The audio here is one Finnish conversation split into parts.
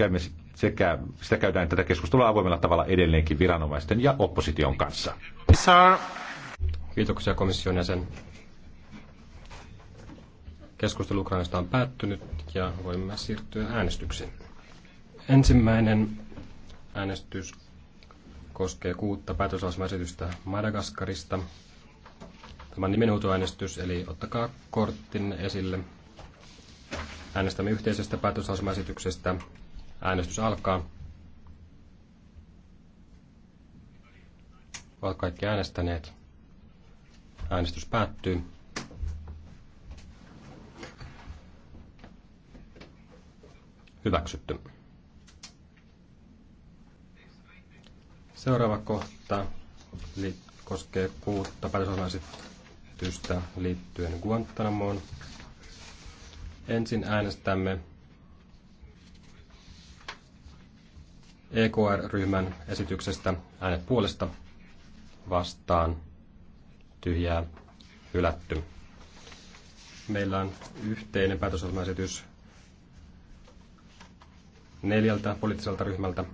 käymme sekä sitä käydään tätä keskustelua avoimella tavalla edelleenkin viranomaisten ja opposition kanssa. Kiitoksia komission jäsen. Keskustelu Ukrainasta on päättynyt ja voimme siirtyä äänestyksiin. Ensimmäinen äänestys koskee kuutta päätöslausumaesitystä Madagaskarista. Tämä on nimenhuutoäänestys, eli ottakaa kortin esille. Äänestämme yhteisestä päätöslausumaesityksestä Äänestys alkaa. Ovat kaikki äänestäneet. Äänestys päättyy. Hyväksytty. Seuraava kohta koskee kuutta päätösohjelmaesitystä liittyen Guantanamoon. Ensin äänestämme EKR-ryhmän esityksestä äänet puolesta vastaan tyhjää hylätty. Meillä on yhteinen päätösohjelmaesitys neljältä poliittiselta ryhmältä.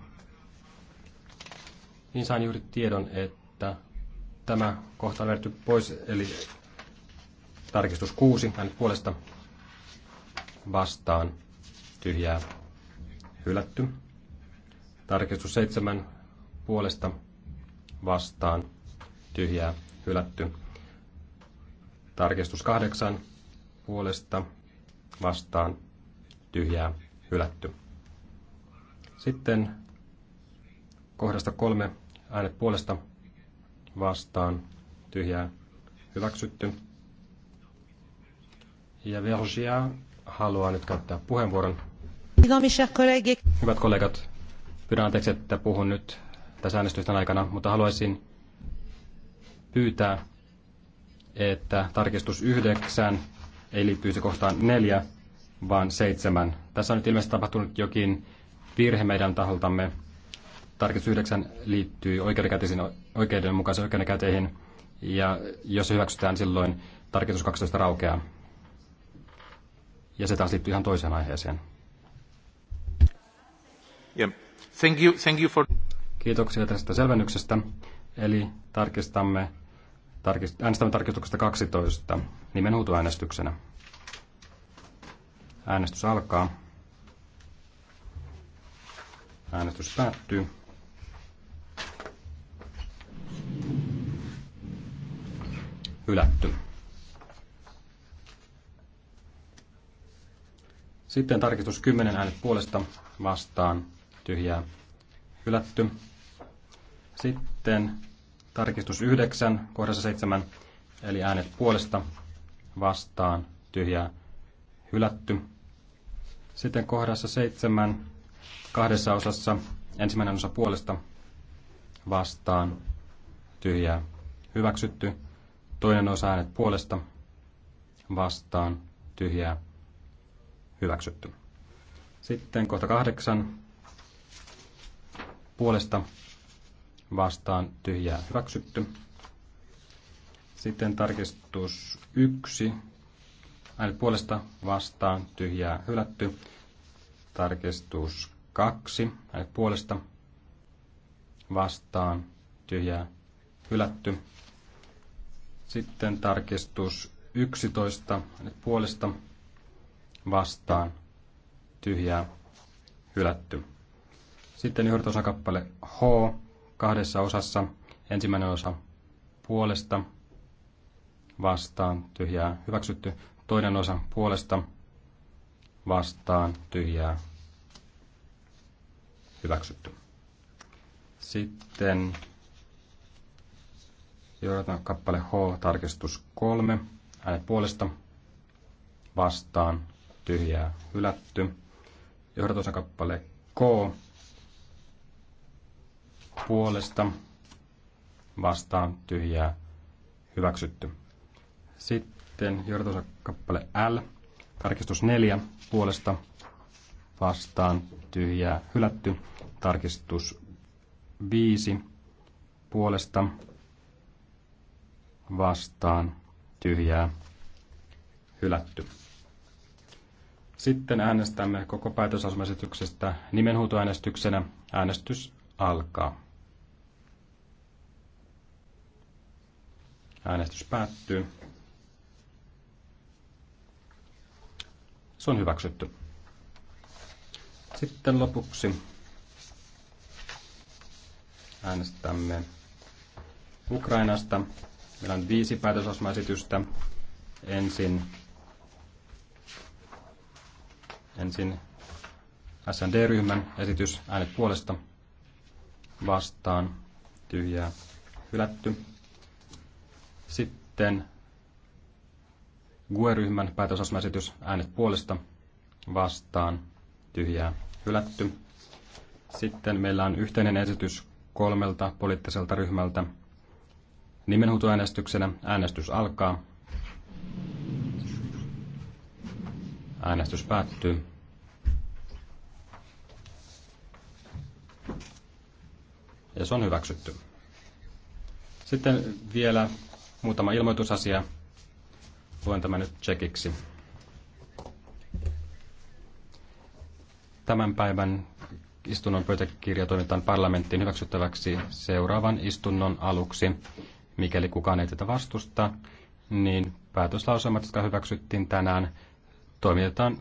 Niin sain juuri tiedon, että tämä kohta on pois, eli tarkistus kuusi äänet puolesta vastaan tyhjää hylätty. Tarkistus seitsemän puolesta vastaan tyhjää hylätty. Tarkistus kahdeksan puolesta vastaan tyhjää hylätty. Sitten kohdasta kolme äänet puolesta vastaan tyhjää hyväksytty. Ja Vergia haluaa nyt käyttää puheenvuoron. Hyvät kollegat, Pyydän anteeksi, että puhun nyt tässä äänestysten aikana, mutta haluaisin pyytää, että tarkistus 9 ei liittyisi kohtaan 4, vaan 7. Tässä on nyt ilmeisesti tapahtunut jokin virhe meidän taholtamme. Tarkistus 9 liittyy oikeudenkäyteisiin oikeudenmukaisiin oikeudenkäteihin, ja jos se hyväksytään, silloin tarkistus 12 raukeaa. Ja se taas liittyy ihan toiseen aiheeseen. Yep. Thank you, thank you for... Kiitoksia tästä selvennyksestä. Eli tarkistamme, tarkist, äänestämme tarkistuksesta 12 nimenhuutoäänestyksenä. Äänestys alkaa. Äänestys päättyy. Hylätty. Sitten tarkistus 10 äänet puolesta vastaan tyhjää hylätty. Sitten tarkistus 9, kohdassa 7, eli äänet puolesta vastaan tyhjää hylätty. Sitten kohdassa 7, kahdessa osassa, ensimmäinen osa puolesta vastaan tyhjää hyväksytty. Toinen osa äänet puolesta vastaan tyhjää hyväksytty. Sitten kohta kahdeksan puolesta vastaan tyhjää hyväksytty. Sitten tarkistus 1. Äänet puolesta vastaan tyhjää hylätty. Tarkistus 2. Äänet puolesta vastaan tyhjää hylätty. Sitten tarkistus 11. Äänet puolesta vastaan tyhjää hylätty. Sitten johdatusosakappale H kahdessa osassa. Ensimmäinen osa puolesta vastaan tyhjää hyväksytty. Toinen osa puolesta vastaan tyhjää hyväksytty. Sitten johdataan kappale H, tarkistus 3, äänet puolesta, vastaan, tyhjää, hylätty. Johdatusakappale K, puolesta vastaan tyhjää hyväksytty. Sitten johdatus kappale L, tarkistus 4 puolesta vastaan tyhjää hylätty. Tarkistus 5 puolesta vastaan tyhjää hylätty. Sitten äänestämme koko päätösasumaesityksestä nimenhuutoäänestyksenä. Äänestys alkaa. Äänestys päättyy. Se on hyväksytty. Sitten lopuksi äänestämme Ukrainasta. Meillä on viisi päätösasmaesitystä. Ensin, ensin SND-ryhmän esitys äänet puolesta vastaan tyhjää hylätty. Sitten GUE-ryhmän päätösasmaesitys äänet puolesta vastaan tyhjää hylätty. Sitten meillä on yhteinen esitys kolmelta poliittiselta ryhmältä. Nimenhuutoäänestyksenä äänestys alkaa. Äänestys päättyy. Ja se on hyväksytty. Sitten vielä Muutama ilmoitusasia. Luen tämän nyt tsekiksi. Tämän päivän istunnon pöytäkirja toimitetaan parlamenttiin hyväksyttäväksi seuraavan istunnon aluksi. Mikäli kukaan ei tätä vastusta, niin päätöslauselmat, jotka hyväksyttiin tänään, toimitetaan